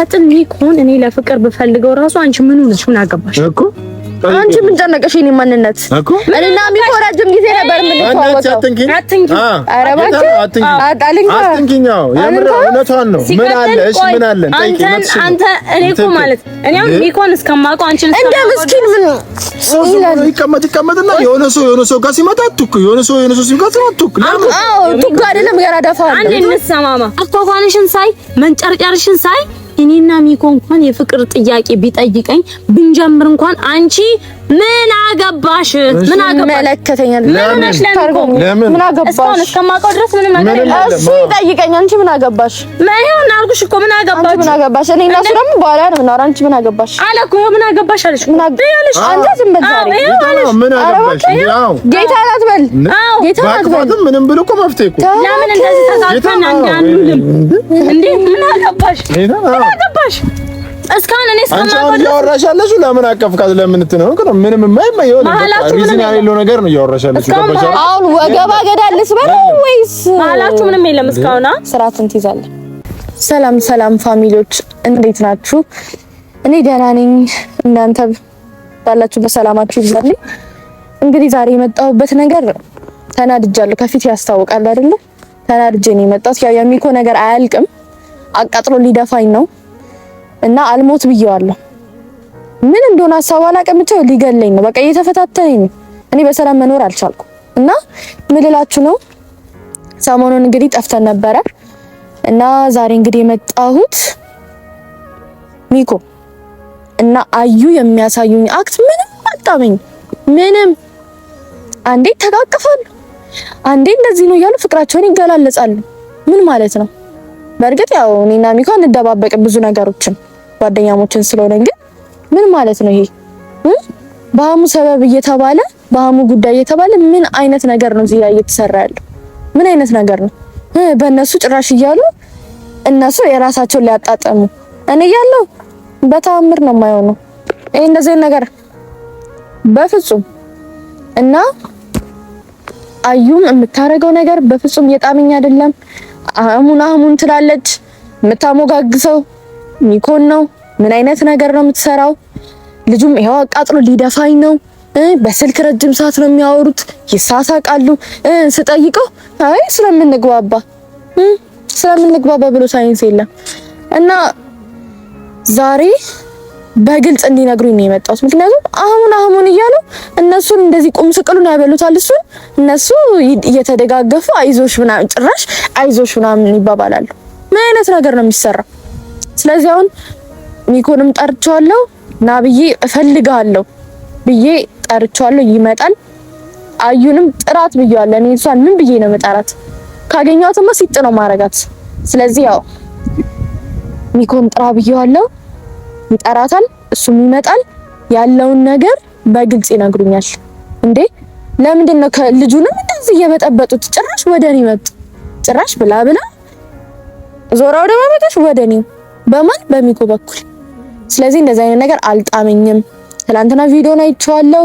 ቀጭን ይሁን እኔ ለፍቅር ብፈልገው ራሱ አንቺ ምን ሆነሽ ምን አገባሽ እኮ አንቺ ምን ጨነቀሽ? የኔ ማንነት እኮ እኔና ሚኮ ረጅም ጊዜ ነበር የምንተዋወቀው። አትንኪኝ፣ አትንኪኝ፣ እባክህ አትንኪኝ። የምር ነው። ምን አለ? እሺ ምን አለ? አንተ እኔ እኮ ማለት እኔ አሁን ሚኮን እስከማውቀው አንቺን እንደ ምስኪን ምን ይቀመጥ አይደለም፣ አንዴ ሳይ መንጨርጨርሽን ሳይ እኔና ሚኮ እንኳን የፍቅር ጥያቄ ቢጠይቀኝ ብንጀምር እንኳን አንቺ ምን አገባሽ? ምን አገባሽለከተኛል ለምን ለምን ምን አገባሽ? እስካሁን እስከማውቀው ድረስ ምንም ነገር እሱ ይጠይቀኝ አንቺ ምን አገባሽ? ምን አልኩሽ እኮ ምን አገባሽ? ምን አገባሽ? እኔ እና እሱ ደግሞ በኋላ ነው የምናወራው። አንቺ ምን አገባሽ አለ እኮ ምን አገባሽ አለሽ። ምን አገባሽ አንተ ዝም በል ዛሬ። ምን አገባሽ? አዎ ጌታ ናት በል። አዎ ጌታ ናት በል። ምንም ብሎ እኮ መፍትሄ እኮ ለምን እንደዚህ ተሳስተን አንዳንዱንም እንዴ ምን አገባሽ? ምን አገባሽ? እስካሁን እኔ ለምን ለምን ምንም የማይማ ነገር ነው አሁን ወገባ ገዳልስ በለው ወይስ አላችሁ? ምንም የለም እስካሁን ስርዓትን ትይዛለህ ሰላም ሰላም ፋሚሊዎች እንዴት ናችሁ? እኔ ደህና ነኝ። እናንተ ባላችሁ በሰላማችሁ ይብዛልኝ። እንግዲህ ዛሬ የመጣሁበት ነገር ተናድጃለሁ። ከፊት ያስታውቃል አይደለ? ተናድጄ ነው የመጣሁት። ያው የሚኮ ነገር አያልቅም፣ አቃጥሎ ሊደፋኝ ነው እና አልሞት ብየዋለሁ። ምን እንደሆነ ሀሳብ አላውቅም፣ ብቻ ሊገለኝ ነው። በቃ እየተፈታተነኝ ነው። እኔ በሰላም መኖር አልቻልኩም እና ምልላችሁ ነው። ሰሞኑን እንግዲህ ጠፍተን ነበረ። እና ዛሬ እንግዲህ የመጣሁት ሚኮ እና አዩ የሚያሳዩኝ አክት ምንም አጣመኝ ምንም አንዴ ተቃቅፋሉ፣ አንዴ እንደዚህ ነው እያሉ ፍቅራቸውን ይገላለጻሉ። ምን ማለት ነው? በእርግጥ ያው እኔና ሚኮ እንደባበቅ ብዙ ነገሮችን ጓደኛሞችን ስለሆነ ግን ምን ማለት ነው ይሄ በሀሙ ሰበብ እየተባለ በሀሙ ጉዳይ እየተባለ ምን አይነት ነገር ነው እዚህ ላይ እየተሰራ ያለው? ምን አይነት ነገር ነው? በእነሱ ጭራሽ እያሉ እነሱ የራሳቸውን ሊያጣጠሙ እኔ እያለሁ በተአምር ነው የማይሆነው። ይሄ እንደዚህ ነገር በፍጹም እና አዩም የምታረገው ነገር በፍጹም የጣመኝ አይደለም። አህሙን አህሙን ትላለች። የምታሞጋግሰው ሚኮን ነው። ምን አይነት ነገር ነው የምትሰራው? ልጁም ይሄው አቃጥሎ ሊደፋኝ ነው በስልክ ረጅም ሰዓት ነው የሚያወሩት፣ ይሳሳቃሉ። ስጠይቀው አይ ስለምንግባባ ስለምንግባባ ብሎ ሳይንስ የለም እና ዛሬ በግልጽ እንዲነግሩኝ ነው የመጣሁት። ምክንያቱም አህሙን አህሙን እያሉ እነሱን እንደዚህ ቁም ስቅሉን ያበሉታል። እሱን እነሱ እየተደጋገፉ አይዞሽ ምናምን ጭራሽ አይዞሽ ምናምን ይባባላሉ። ምን አይነት ነገር ነው የሚሰራ? ስለዚህ አሁን ሚኮንም ጠርቸዋለሁ ና ብዬ እፈልጋለሁ ብዬ ጠርቼዋለሁ፣ ይመጣል። አዩንም ጥራት ብየዋለሁ። እኔ እሷን ምን ብዬ ነው መጠራት? ካገኘኋትማ ሲጥ ነው ማረጋት። ስለዚህ ያው ሚኮን ጥራ ብየዋለሁ፣ ይጠራታል፣ እሱም ይመጣል። ያለውን ነገር በግልጽ ይነግሩኛል። እንዴ ለምንድን ነው ከልጁንም እንደዚህ እየበጠበጡት? ጭራሽ ወደ እኔ መጡ። ጭራሽ ብላ ብላ ዞራው ወደ ማመጣሽ ወደ እኔ በማን በሚኮ በኩል። ስለዚህ እንደዚህ አይነት ነገር አልጣመኝም። ትላንትና ቪዲዮን አይቼዋለሁ።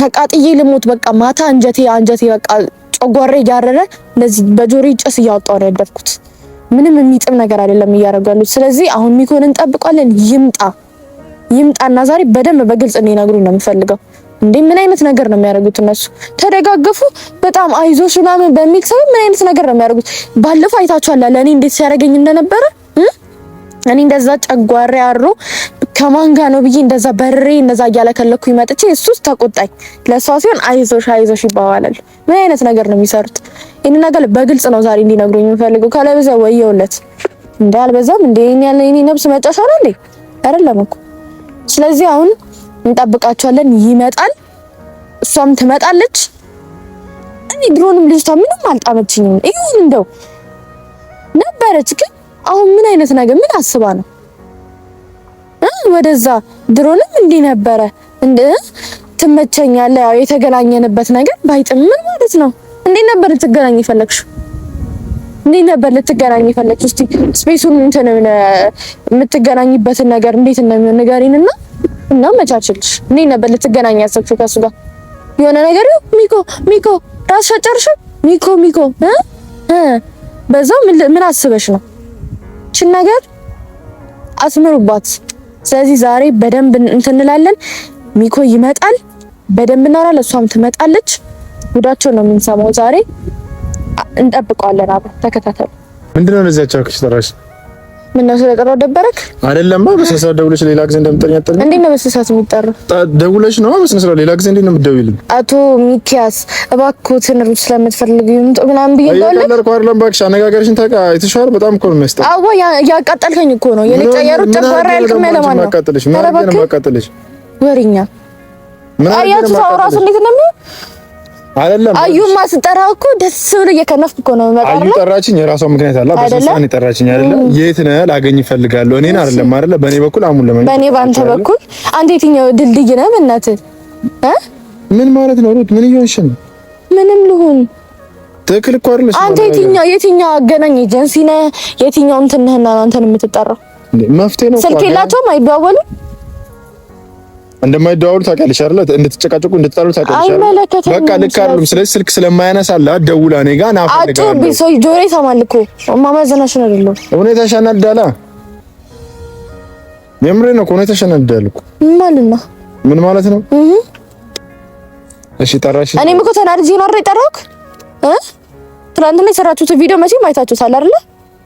ተቃጥዬ ልሞት በቃ ማታ አንጀቴ አንጀቴ በቃ ጨጓሬ እያረረ እንደዚህ በጆሮ ጭስ እያወጣሁ ነው ያደርኩት። ምንም የሚጥም ነገር አይደለም እያደረጉ ያሉት። ስለዚህ አሁን ሚኮን እንጠብቋለን። ይምጣ ይምጣና ዛሬ በደንብ በግልጽ እንዲነግሩኝ ነው የምፈልገው። እንዴ ምን አይነት ነገር ነው የሚያደርጉት? እነሱ ተደጋገፉ በጣም አይዞሽ ምናምን በሚል ሰው ምን አይነት ነገር ነው የሚያደርጉት? ባለፈው አይታችኋል ለእኔ እንዴት ሲያደርገኝ እንደነበረ እኔ እንደዛ ጨጓሬ አሮ ከማን ጋር ነው ብዬ እንደዛ በሬ እንደዛ እያለከለኩኝ መጥቼ እሱስ ተቆጣኝ። ለሷ ሲሆን አይዞሽ አይዞሽ ይባባላል። ምን አይነት ነገር ነው የሚሰሩት? ይህንን ነገር በግልጽ ነው ዛሬ እንዲነግሩኝ የምፈልገው ካለበዛ ወየውለት እንደ አልበዛም ያለ እኔ ነብስ መጫሻ ነው እንዴ? አይደለም እኮ። ስለዚህ አሁን እንጠብቃቸዋለን። ይመጣል፣ እሷም ትመጣለች። እኔ ድሮንም ልጅቷ ምንም አልጣመችኝም። ይሁን እንደው ነበረች ግን አሁን ምን አይነት ነገር ምን አስባ ነው ወደዛ? ድሮንም እንዲህ ነበረ እንደ ትመቸኛለ። ያው የተገናኘንበት ነገር ባይጥም ማለት ነው? እንዴት ነበር ልትገናኝ የፈለግሽው? እንዴት ነበር ልትገናኝ የፈለግሽው? እስቲ ስፔሱን እንትን የምትገናኝበትን ነገር እንዴት እንደሚሆን ንገሪንና እና መቻችልሽ። እንዴት ነበር ልትገናኝ ያሰብሽው ከሱ ጋር? የሆነ ነገር ሚኮ ሚኮ ራስሽ አጨርሽው ሚኮ ሚኮ እ በዛው ምን አስበሽ ነው ያለችን ነገር አስምሩባት። ስለዚህ ዛሬ በደንብ እንትንላለን። ሚኮ ይመጣል፣ በደንብ እናወራለን። እሷም ትመጣለች። ጉዳቸው ነው የምንሰማው ዛሬ። እንጠብቀዋለን። አብረን ተከታተሉ። ምንድነው ለዚያቸው አክሽ ምነው ስለጠራው ደበረክ? አይደለም ማ በስነ ስርዓት ደውለሽ ሌላ ጊዜ እንደምጠሪኝ አትጠሪኝ። እንዴት ነው በስነ ስርዓት የሚጠራው? ደውለሽ ነው በስነ ስርዓት። ሌላ ጊዜ እንዴት ነው የምትደውይልኝ? አቶ ሚኪያስ እባክዎትን ሩት ስለምትፈልጊ ምናምን ብዬሽ ደውል። ለርኩ አይደለም አይደለም እባክሽ፣ አነጋገርሽን ታውቃ የተሻለ በጣም እኮ ነው የሚያስጠላው። አዎ ያቃጠልከኝ እኮ ነው የኔ ጨየሩት ጨጓራ ያልቅም ያለማን ነው ማቃጠልሽ። ማቃጠልሽ? ወሬኛ ምን አያችሁ? ታውራሱ እንዴት ነው አይደለም አዩማ ስጠራ እኮ ደስ ብሎ እየከነፍኩ እኮ ነው። አዩ ጠራችኝ፣ የራሷ ምክንያት አለ። በስልሳን የጠራችኝ አይደለም። የት ነህ ላገኝ እፈልጋለሁ። እኔን አይደለም አይደለ፣ በእኔ በኩል አሙን ለመኝ፣ በእኔ ባንተ በኩል አንተ የትኛው ድልድይ ነህ? በእናትህ ምን ማለት ነው ሩት? ምን እየሆንሽ ነው? ምንም ልሁን ትክክል እኮ አይደለሽ። አንተ የትኛው የትኛው አገናኝ ኤጀንሲ ነህ? የትኛው እንትን ነህና አንተን የምትጠራው? መፍትሄ ነው። ስልክ የላቸውም አይደዋወሉም እንደማይደዋወሉ ታውቂያለሽ አይደለ? እንድትጨቃጨቁ እንድትጣሉ ታውቂያለሽ አይደለ? በቃ ልክ አይደለም። ስለዚህ ስልክ ስለማያነሳላ ደውላ እኔ ጋር ነገር አፈልጋለሁ። አጭ ቢሶ ጆሮ ይሰማል እኮ እማማ ዘናሽን አይደለም። ሁኔታሽ ያናዳላ። የምሬን ነው። ሁኔታሽ ያናዳል እኮ ማለት ምን ማለት ነው? እሺ ጠራሽ። እኔም እኮ ተናድጄ ነው አይደል የጠራሁት እ ትናንትና የሰራችሁት ቪዲዮ መቼም አይታችሁታል አይደለ?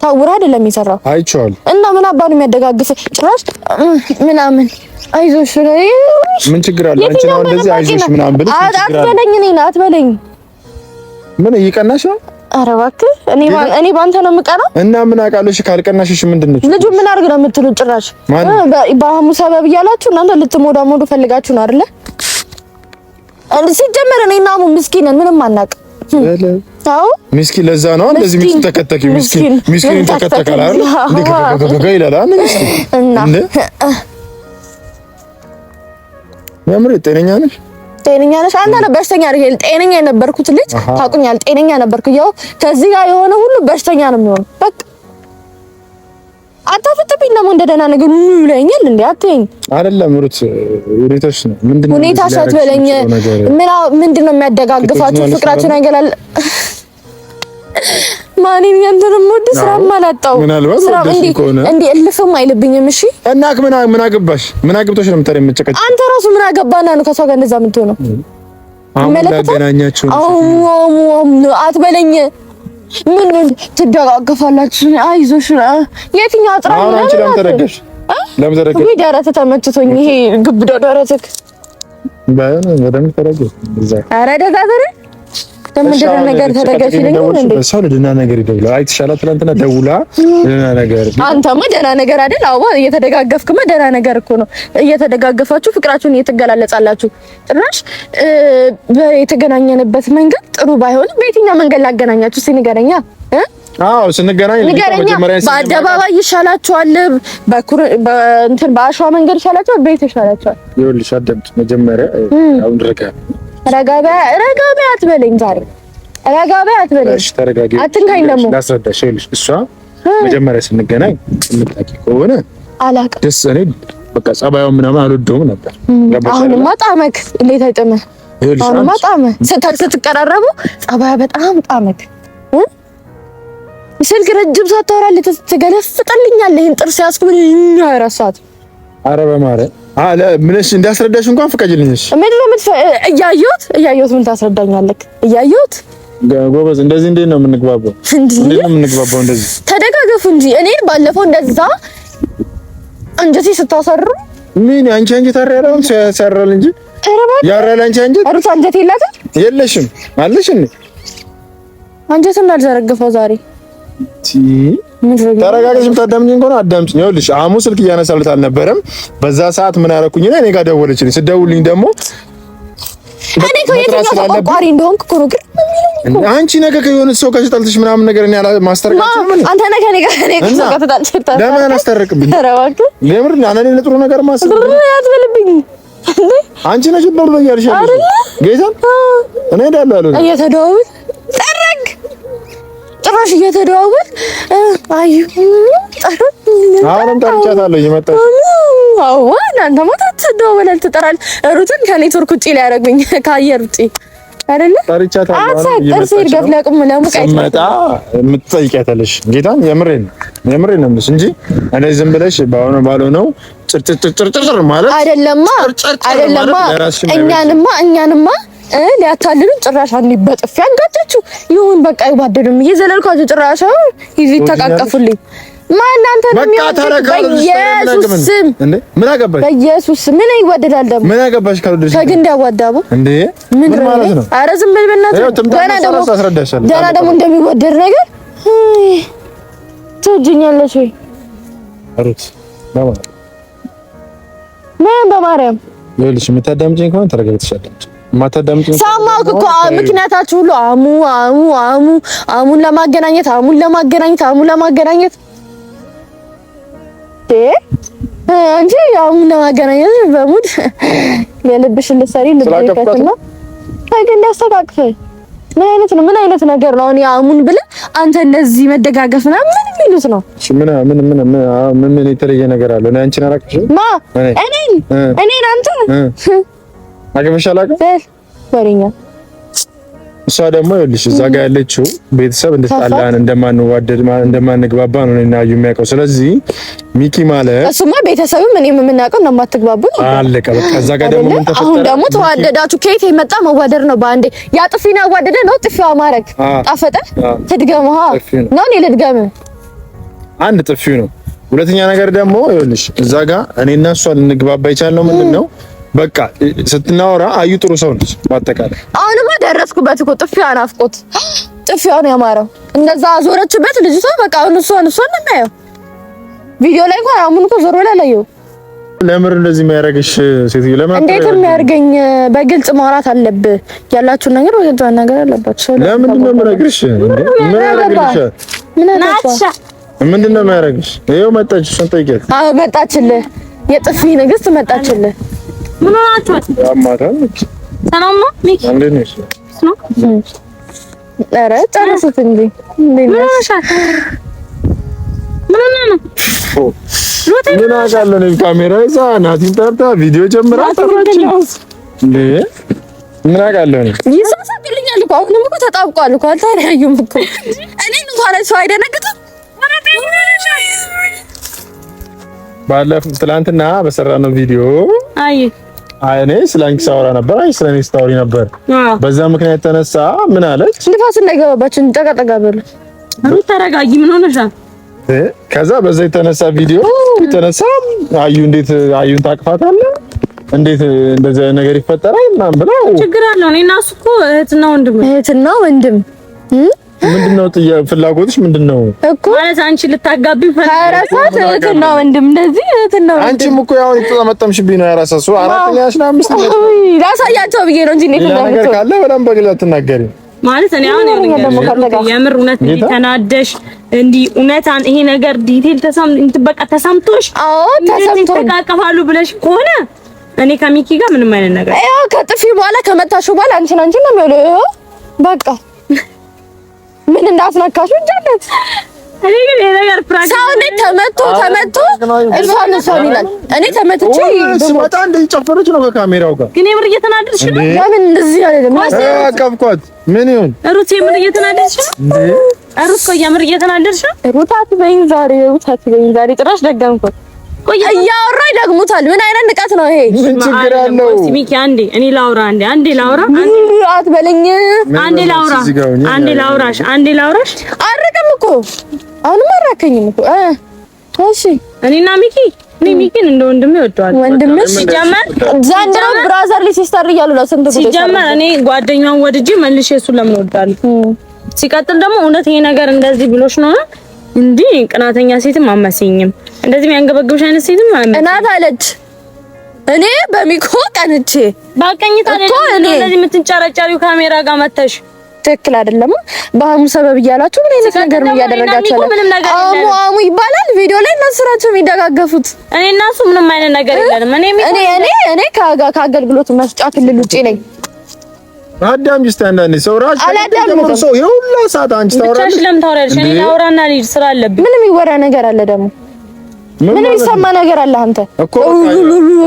ታውራ አይደለም የሰራው አይቼዋለሁ። እና ምን አባ ነው የሚያደጋግፍ ጭራሽ ምናምን አይዞሽ ምን ችግር አለ? አንቺ ነው እንደዚህ አይዞሽ ምናምን ብለሽ አትበለኝ። ነው አትበለኝ። ምን እየቀናሽ ነው? ኧረ እባክህ እኔ እኔ ባንተ ነው የምቀናው። እና ምን አውቃለሽ? ካልቀናሽሽ ምንድን ነው ልጁ ምን አድርግ ነው የምትሉት? ጭራሽ በአህሙ ሰበብ እያላችሁ እናንተ ልትሞዳ ሞዱ ፈልጋችሁ ነው አይደለ? ሲጀመር እኔ እና አህሙ ምስኪን ነን፣ ምንም አናውቅ አዎ ምስኪን። ለዛ ነው እንደዚህ ምስኪን ተከተኪ፣ ምስኪን ምስኪን ተከተካላ ይላል እና የምር ጤነኛ ነሽ? ጤነኛ ነሽ? አንተ በሽተኛ አይደል? ጤነኛ የነበርኩት ልጅ ታውቁኛል። ጤነኛ ነበርኩ። ያው ከዚህ ጋር የሆነ ሁሉ በሽተኛ ነው የሚሆነው። በቃ አታፍጥብኝ። ደግሞ እንደ ደህና ነገር ምን ይለኛል። እንዴ አትይኝ አይደለም ሩት፣ ሁኔታሽ ነው ምንድነው? ሁኔታሽ አትበለኝ። ምንድነው የሚያደጋግፋችሁ ፍቅራችሁ አይገላል ማኔን ያንተን ሙድ ስራ ማላጣው ምናልባት ስራ እንዴ እንዴ እልፍም አይልብኝም። እሺ እናክ ምን ምን አገባሽ? ምን አገብቶሽ ነው የምታሪ የምትጨቀጭ? አንተ ራሱ ምን አገባና ነው ከሷ ጋር እንደዛ የምትሆነው? አገናኛችሁ አትበለኝ። ምን ትደጋገፋላችሁ? አይዞሽ የትኛው አጥራ ነው? አንቺ ለምን ተረገሽ? ለምን ተረገሽ? ወይ ደረት ተመችቶኝ ይሄ ግብዳ ደረትክ በደምብ ተረገሽ። ኧረ ደዛ ተረገሽ ለምንድን ነው ነገር ተደጋፊ ሰው ለደህና ነገር ይደውላ ትናንትና ደውላ ደህና ነገር አንተማ ደህና ነገር አይደል? አዎ እየተደጋገፍክማ ደህና ነገር እኮ ነው። እየተደጋገፋችሁ ፍቅራችሁን እየተገላለጻላችሁ ጭራሽ የተገናኘንበት መንገድ ጥሩ ባይሆንም በየትኛው መንገድ ላገናኛችሁ እስኪ ንገረኛ አዎ ስንገናኝ በአደባባይ ይሻላችኋል፣ በአሸዋ መንገድ ይሻላችኋል፣ ቤት ይሻላችኋል። ይኸውልሽ አዳምጪ መጀመሪያ አሁን ረጋባ ረጋባ አትበለኝ ዛሬ ረጋባ አትበለኝ። እሺ ተረጋጊ፣ አትንካኝ። ደግሞ ላስረዳሽ። ይኸውልሽ እሷ መጀመሪያ ስንገናኝ ከሆነ አላውቅም ደስ እኔ በቃ ጸባዩን ምናምን አልወደውም ነበር። አሁንማ ጣመክ። እንዴት አይጥምህ? አሁንማ ጣመህ። ስትቀራረቡ ጸባዩ በጣም ጣመክ። ስልክ ረጅም ሳታወራልኝ ትገለፍጥልኛለህ። ጥርስ ያዝኩ ምን ያረሳት አረበ ማረ አለ ምንሽ እንዳስረዳሽ እንኳን ፍቀጅልኝሽ። ምን ነው እያየሁት እያየሁት ምን ታስረዳኛለህ? እያየሁት ጎበዝ፣ እንደዚህ እንዴት ነው የምንግባባው? እንዴት ነው የምንግባባው? እንደዚህ ተደጋገፉ እንጂ እኔ ባለፈው እንደዛ እንጀቴ ስታሰሩ ምን አንቺ አንጀት አራራው ሲያሰራል እንጂ ያራል። አንቺ አንጀት አሩት አንጀት የላትም የለሽም አለሽ እንዴ? አንጀት እና አልዘረግፈው ዛሬ ተረጋግጭ። የምታዳምጪኝ ከሆነ አዳምጪኝ። ይኸውልሽ አሙ ስልክ እያነሳልት አልነበረም። በዛ ሰዓት ምን አደረኩኝ? እኔ ጋር ደወለችልኝ። ስደውልኝ ደግሞ ነው። አንቺ ነገ ከሆነ ሰው ጋር ተጣልተሽ ምናምን ነገር እኔ ማስታረቃችሁ ምን አንተ ነገ እኔ ጋር ለምን አላስታረቅብኝ? ለጥሩ ነገር አንቺ ነሽ አይደል? እኔ ጭራሽ እየተደዋወል አዩ አሁንም ጠርቻታለሁ እየመጣች አዎ እናንተ ትደዋወላል ትጠራል ሩትን ከኔትወርክ ከአየር እኛንማ እኛንማ ሊያታልሉን ጭራሽ አንዴ በጥፊ አጋጫችሁ። ይሁን በቃ ይባደዱም እየዘለልኳችሁ ጭራሽ ይዚ ተቃቀፉልኝ። ማናንተ ነው በኢየሱስ ስም ምን አገባሽ? በኢየሱስ ምን ይወደዳል ደግሞ ምን አገባሽ? ካልወደድሽ ከግንድ ያዋዳቡ እንዴ ምን ማለት ነው? ኧረ ዝም በይ በእናትህ። ገና ደግሞ ገና ደግሞ እንደሚወደድ ነገር ትወጂኛለሽ ወይ ሩት? ምን በማርያም ይኸውልሽ፣ የምታዳምጪኝ ከሆነ ተረጋግተሻል። ሰማሁት እኮ ምክንያታችሁ ሁሉ አሙ አሙ አሙ አሙን ለማገናኘት አሙን ለማገናኘት አሙን ለማገናኘት እንጂ አሙን ለማገናኘት በሙድ የልብሽ ልትሰሪ ልትጠይቀትና አይደል ሊያስተቃቅፍ ምን አይነት ነው? ምን አይነት ነገር ነው? እኔ አሙን ብለህ አንተ እንደዚህ መደጋገፍ ነው ምን የሚሉት ነው? እሺ ምን ምን ምን ምን የተለየ ነገር አለ? እኔ አንቺን አላውቅሽም። ማ እኔን እኔን አንተ አግብተሽ አላውቅም። ወሬኛ እሷ ደግሞ ይኸውልሽ እዛ ጋር ያለችው ቤተሰብ እንድጣላን እንደማንዋደድ እንደማንግባባ ነው እና ዩ የሚያውቀው። ስለዚህ ሚኪ ማለት እሱማ ቤተሰብም እኔም የምናውቀው ነው። የማትግባቡ ነው አለቀ በቃ። እዛ ጋር ደግሞ ምን ተፈጠረ? አሁን ደግሞ ተዋደዳችሁ። ከየት የመጣ መዋደድ ነው? በአንዴ ያ ጥፊን አዋደደ ነው። ጥፊዋ ማረግ ጣፈጠ። ትድገመው ነው እኔ ልድገም። አንድ ጥፊው ነው። ሁለተኛ ነገር ደግሞ ይኸውልሽ እዛ ጋር እኔና እሷ ልንግባባ ይቻል ነው ምንድን ነው በቃ ስትናወራ አዩ ጥሩ ሰው ነች። ባጠቃላይ አሁንማ ደረስኩበት እኮ ጥፊያ ናፍቆት ጥፊያውን ያማረው እንደዛ ዞረችበት ሰው በቃ አሁን እሷን እሷን ነው ቪዲዮ ላይ እንኳን አሁን እኮ ዞሮ ላይ ላየው። ለምን እንደዚህ የሚያደርግሽ ሴትዮ ለምን እንዴት የሚያደርገኝ? በግልጽ ማውራት አለብህ። ያላችሁን ነገር ወይ ሄዷን ነገር አለባችሁ። ለምን ነው የምነግርሽ? ምን ያደርግልሽ? ምን ያደርግልሽ? ምንድን ነው የሚያደርግሽ? ይኸው መጣች። እሱን ጠይቂያት። አዎ መጣችልህ። የጥፊ ንግስት መጣችልህ። ምን ሆናችኋል? ሰላም ነው ሚኪ? ኧረ ጨረሱት እኔ ካሜራ ይዛ ናቲን ጠርታ ቪዲዮ ጀምራ ምን አውቃለሁ እኔ ይሳሳቅልኛል እኮ አሁንም እኮ ተጣብቋል እኮ አልተለያዩም እኮ እኔን እንኳን ሰው አይደነግጥም። ባለፈው ትናንትና በሰራነው ቪዲዮ አይ እኔ ስለ አንቺ ሳወራ ነበር። አይ ስለ እኔ ስታወሪ ነበር። በዛ ምክንያት ተነሳ። ምን አለች? ንፋስ እንዳይገባባችን ጠጋጠጋ በሉ። ሩት ተረጋጊ፣ ምን ሆነሻል? ከዛ በዛ የተነሳ ቪዲዮ ተነሳ። አዩ እንዴት አዩን ታቅፋታለህ? እንዴት እንደዚህ ነገር ይፈጠራል? ምናምን ብለው ችግር አለው። እኔ እና እሱ እኮ እህትና ወንድም እህትና ወንድም ምንድነው ፍላጎትሽ? ምንድነው እኮ ማለት አንቺ ልታጋቢ ፈራሳት እህትና ወንድም እንደዚህ እህትና ወንድም። አንቺም እኮ ያው ተጠመጠምሽብኝ ነው ያራሳሱ አራተኛሽ ነው አምስት ነው ላሳያቸው ብዬ ነው እንጂ እኔ ፍላጎት ካለ በጣም በግል አትናገሪ ማለት እኔ አሁን የምር እውነት ተናደሽ እንዲህ እውነታን ይሄ ነገር ዲቴል ተሳም እንትበቃ ተሳምቶሽ አዎ ተሳምቶ ተቃቀፋሉ ብለሽ ከሆነ እኔ ከሚኪ ጋር ምንም አይነት ነገር ያው ከጥፊ በኋላ ከመታሹ በኋላ አንቺን አንቺን ነው የሚለው በቃ ምን እንዳስነካሽ እንጃለት ሰው እንዴት ተመቶ ተመቶ እሷን እሷን ይላል። እኔ ተመትቼ ስመጣ እንደዚህ ጨፈረች ነው ከካሜራው ጋር ግን የምር እየተናደድሽ ነው። ለምን እንደዚህ አይደለም አቀብኳት። ምን ይሁን ሩት፣ የምር እየተናደድሽ ነው ሩት። ቆይ የምር እየተናደድሽ ነው ሩት። አትበይኝ ዛሬ ሩት፣ አትበይኝ ዛሬ ጭራሽ ደገምኩት። እያወራሁ ይደግሙታል። ምን አይነት ንቀት ነው ይሄ? ምን ችግር አለው? ሚኪ አንዴ እኔ ላውራ፣ አንዴ አንዴ ላውራ፣ አንዴ አትበለኝ። አንዴ ላውራ፣ አንዴ ላውራሽ፣ አንዴ ላውራሽ። አረቅም እኮ አሁንም አራከኝም እኮ እሺ። እኔና ሚኪ እኔ ሚኪን እንደ ወንድሜ እወደዋለሁ። ወንድምሽ ሲጀመር ዘንድሮ ብራዘር ሲስተር እያሉ ነው ጉዳይ ሲጀመር። እኔ ጓደኛውን ወድጄ መልሼ እሱን ለምን እወዳለሁ? ሲቀጥል ደግሞ እውነት ይሄ ነገር እንደዚህ ብሎሽ ነው እንዴ? ቅናተኛ ሴትም አመሰኝም እንደዚህ የሚያንገበግብሽ አይነት ሴትም እናት አለች። እኔ በሚኮ ቀንቼ ባቀኝታ እኮ እኔ እንደዚህ የምትንጨረጨሪው ካሜራ ጋር መተሽ ትክክል አይደለም። በአህሙ ሰበብ እያላችሁ ምን አይነት ነገር ነው እያደረጋችሁ? አሙ አሙ ይባላል ቪዲዮ ላይ እና ስራችሁ የሚደጋገፉት። እኔ እና እሱ ምንም አይነት ነገር የለንም። እኔ እኔ እኔ እኔ ከአገልግሎት መስጫ ክልል ውጪ ነኝ። አዳም ጅስታ አንዳንዴ ሰው ራሱ አላዳም ሰው የሁላ ሰዓት አንቺ ታወራለሽ። ለምን ታወራለሽ? እኔ ላውራና ልጅ ስራ አለብኝ። ምንም ይወራ ነገር አለ ደግሞ ምንም ይሰማ ነገር አለ አንተ እኮ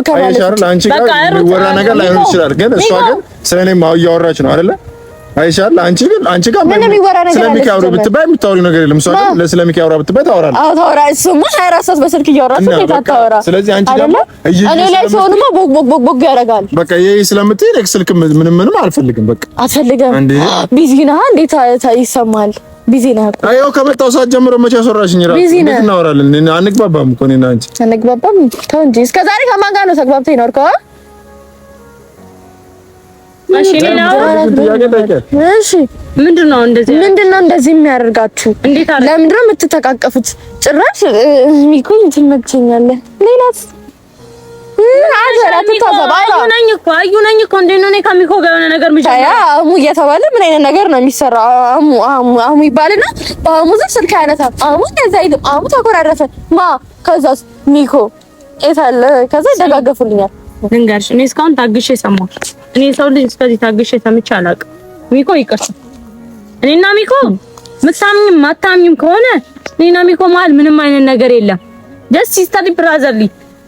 ከማለት አንቺ ጋር ወራ ነገር ላይሆን ይችላል፣ ግን እሷ ግን ስለኔ እያወራች ነው አይደለ? አይሻል አንቺ ግን አንቺ ጋር ምንም ይወራ ነገር አለ። ስለሚካውራ ብትባይ የምታወሪው ነገር የለም። እሷ ግን ለስለሚካውራ ብትባይ ታወራለህ። አዎ ታወራ። እሱማ ሀያ አራት ሰዓት በስልክ እያወራች ነው ታወራ። ስለዚህ አንቺ ደግሞ እዚህ እኔ ላይ ሲሆንማ ቦግ ቦግ ቦግ ቦግ ያደርጋል። በቃ ይሄ ስለምትይ ስልክ ምንም ምንም አልፈልግም። በቃ አትፈልግም። ቢዚ ነህ እንዴ? ይሰማል ቢዚ ነህ እኮ። አይ ከመጣሁ ሰዓት ጀምሮ መቼ አስወራሽኝ? እራሱ ቢዚ ነህ። እናወራለን። አንግባባም እኮ እኔና አንቺ አንግባባም። ተው እንጂ እስከ ዛሬ ከማን ጋር ነው ተግባብተህ የኖርከው? እሺ ምንድን ነው እንደዚህ ምንድን ነው እንደዚህ የሚያደርጋችሁ? ለምንድን ነው የምትተቃቀፉት? ጭራሽ ሚኩኝ ትመቸኛለህ። ሌላስ እየተባለ ምን አይነት ነገር ነው የሚሰራው? አሙ አሙ አሙ ይባልና በአሙ ዝም ስልክ አሙ አሙ ተኮራረፈ ማ ከዛ ከዛ ይደጋገፉልኛል። ልንገርሽ እኔ እስካሁን ታግሼ እኔ ሰው ልጅ እስከዚህ ታግሼ ሰምቼ አላውቅም። ሚኮ ይቅርታ፣ እኔና ሚኮ ምታምኝም ማታምኝም ከሆነ እኔና ሚኮ መሀል ምንም አይነት ነገር የለም። ደስ ሲስተሪ ብራዘርሊ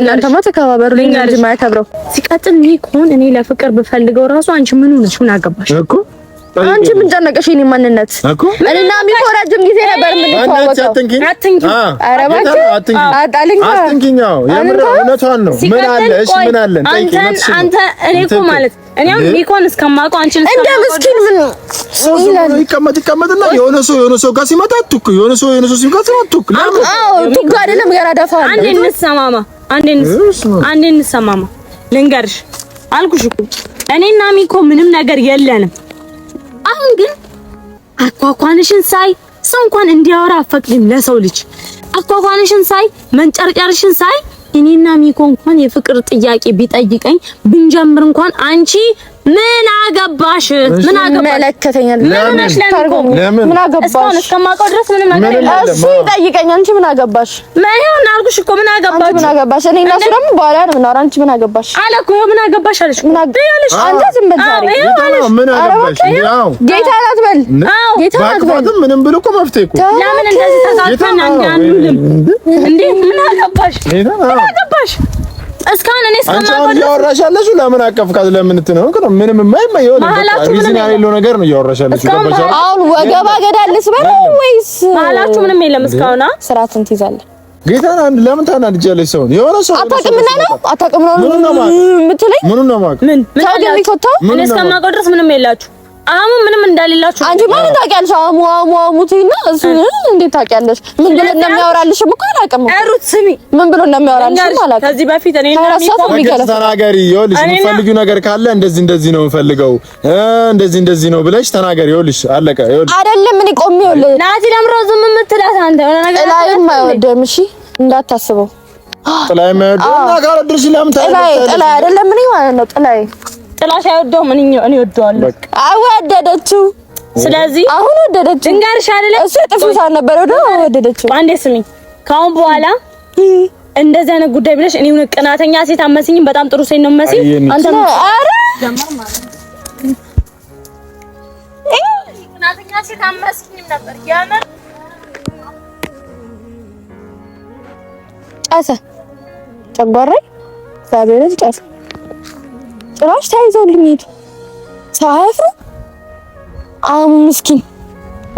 እናንተማ ተከባበሩ። ልጅ ማያከብረው ሲቀጥል እኔ ከሆን እኔ ለፍቅር ብፈልገው ራሱ አንቺ ምን ሆነሽ? ምን አገባሽ እኮ አንቺ ምን ጨነቀሽ? የኔ ማንነት እኔና ሚኮ ረጅም ጊዜ ነበር የምንተዋወቀው። አትንኪኝ። የምር እውነቷን ነው። ምን ምን አንተ እኔ እኮ ማለት እኔ ምስኪን ምን ይቀመጥ ይቀመጥና ጋር ሲመጣ ሲመጣ አዎ አይደለም አንዴ አንዴ እንሰማማ። ልንገርሽ አልኩሽ እኮ እኔና ሚኮ ምንም ነገር የለንም። አሁን ግን አኳኳንሽን ሳይ ሰው እንኳን እንዲያወራ አፈቅድም። ለሰው ልጅ አኳኳንሽን ሳይ መንጨርጨርሽን ሳይ እኔና ሚኮ እንኳን የፍቅር ጥያቄ ቢጠይቀኝ ብንጀምር እንኳን አንቺ ምን አገባሽ? ምን አገባሽ? ምን አሽላም? ምን አገባሽ? እስካሁን እስከማውቀው ምን አገባሽ? ምን አገባሽ? በኋላ ነው የምናወራው። አንቺ ምን አገባሽ ምን አገባሽ? ምን አገባሽ እስካሁን እኔ እስከማውቀው እያወራሽ ያለሽው ለምን አቀፍካት ለምን ነው ነው ምንም የማይማይ የሆነ ሪዝን ያለው ነገር ነው እያወራሽ ያለሽው። አሁን ወገባ ገዳልስ በለው ወይስ ማላችሁ ምንም የለም እስካሁን ስርዓትን ትይዛለህ። ጌታን አንድ ለምን ታናድጃለሽ? ሰውን የሆነ ሰው አታውቅም እና ነው አታውቅም ነው ምን ምኑን ነው ማለት ምን ምን አላችሁ እኔ እስከማውቀው ድረስ ምንም የላችሁ አሙ ምንም እንዳሌላችሁ አንቺ ማን ታውቂያለሽ? አሙ አሙ አሙ ትይና እሱ እንዴት ታውቂያለሽ? ምን ብሎ እንደሚያወራልሽ እኮ አላውቅም። ሩት ስሚ፣ ምን ብሎ እንደሚያወራልሽ አላውቅም። ከዚህ በፊት እኔ እና ተናገሪ፣ ይኸውልሽ የምትፈልጊው ነገር ካለ እንደዚህ እንደዚህ ነው የምፈልገው፣ እንደዚህ እንደዚህ ነው ብለሽ ተናገሪ። ይኸውልሽ አለቀ። ይኸውልሽ አይደለም እኔ ቆሜ ይኸውልሽ ናቲ ለምሮ ዝም የምትላት አንተ የሆነ ነገር ጥላዬም አይወደም። እሺ እንዳታስበው፣ ጥላዬም አይወደም። ነገር ካልወደድሽ ለምን ታይደለም? ጥላዬ አይደለም እኔ ማለት ነው ጥላዬ ጥላሽ አይወደውም። እኔ እኔ ወደዋለሁ። አወደደችው። ስለዚህ አሁን ወደደችው። እንጋርሻ አይደለ እሱ ጥፍቷን ነበር ወደ ወደደችው። አንዴ ስሚኝ፣ ካሁን በኋላ እንደዚህ አይነት ጉዳይ ብለሽ እኔ ሁን ቅናተኛ ሴት አመስኝም። በጣም ጥሩ ሴት ነው መሲ አንተ አረ ቅናተኛ ሴት አመስኝም ጨሰ ጭራሽ ተይዞልኝ ሄዱ። ሰው አሙ ምስኪን፣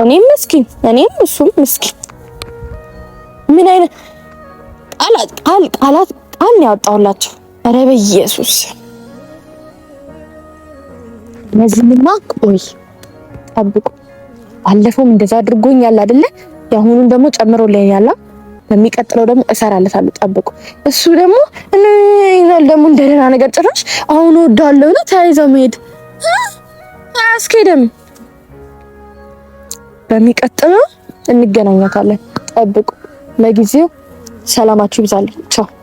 እኔም ምስኪን፣ እኔም እሱም ምስኪን። ምን አይነት ቃላት ቃል ቃላት ቃል ያወጣውላቸው። ኧረ በኢየሱስ ለዚህማ ቆይ ጠብቁ። ባለፈውም እንደዛ አድርጎኛል አይደለ? የአሁኑን ደግሞ ጨምሮልኛል። በሚቀጥለው ደግሞ እሰራለታለሁ፣ ጠብቁ። እሱ ደግሞ እኔ ደግሞ እንደደህና ነገር ጭራሽ አሁን ወዳለው ነው ተያይዘው መሄድ አያስኬድም። በሚቀጥለው እንገናኛታለን፣ ጠብቁ። ለጊዜው ሰላማችሁ ይብዛል። ቻው